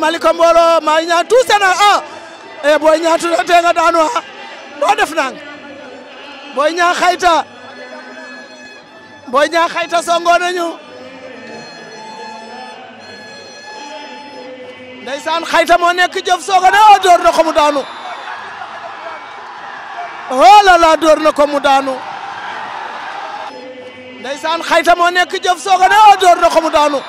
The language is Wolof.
Malika Mbolo maa ngi ñaan tuuti na ah eh booy ñaan tuuti tey nga daanu ah boo def nang booy ñaan xayta booy ñaan xayta songoon nañu ndeysaan xayta moo nekk jëf sooga ne oh ah, door na ko daanu oh la la na ko mu daanu ndeysaan xayta moo nekk jëf sooga ne oh ah, door na ko daanu.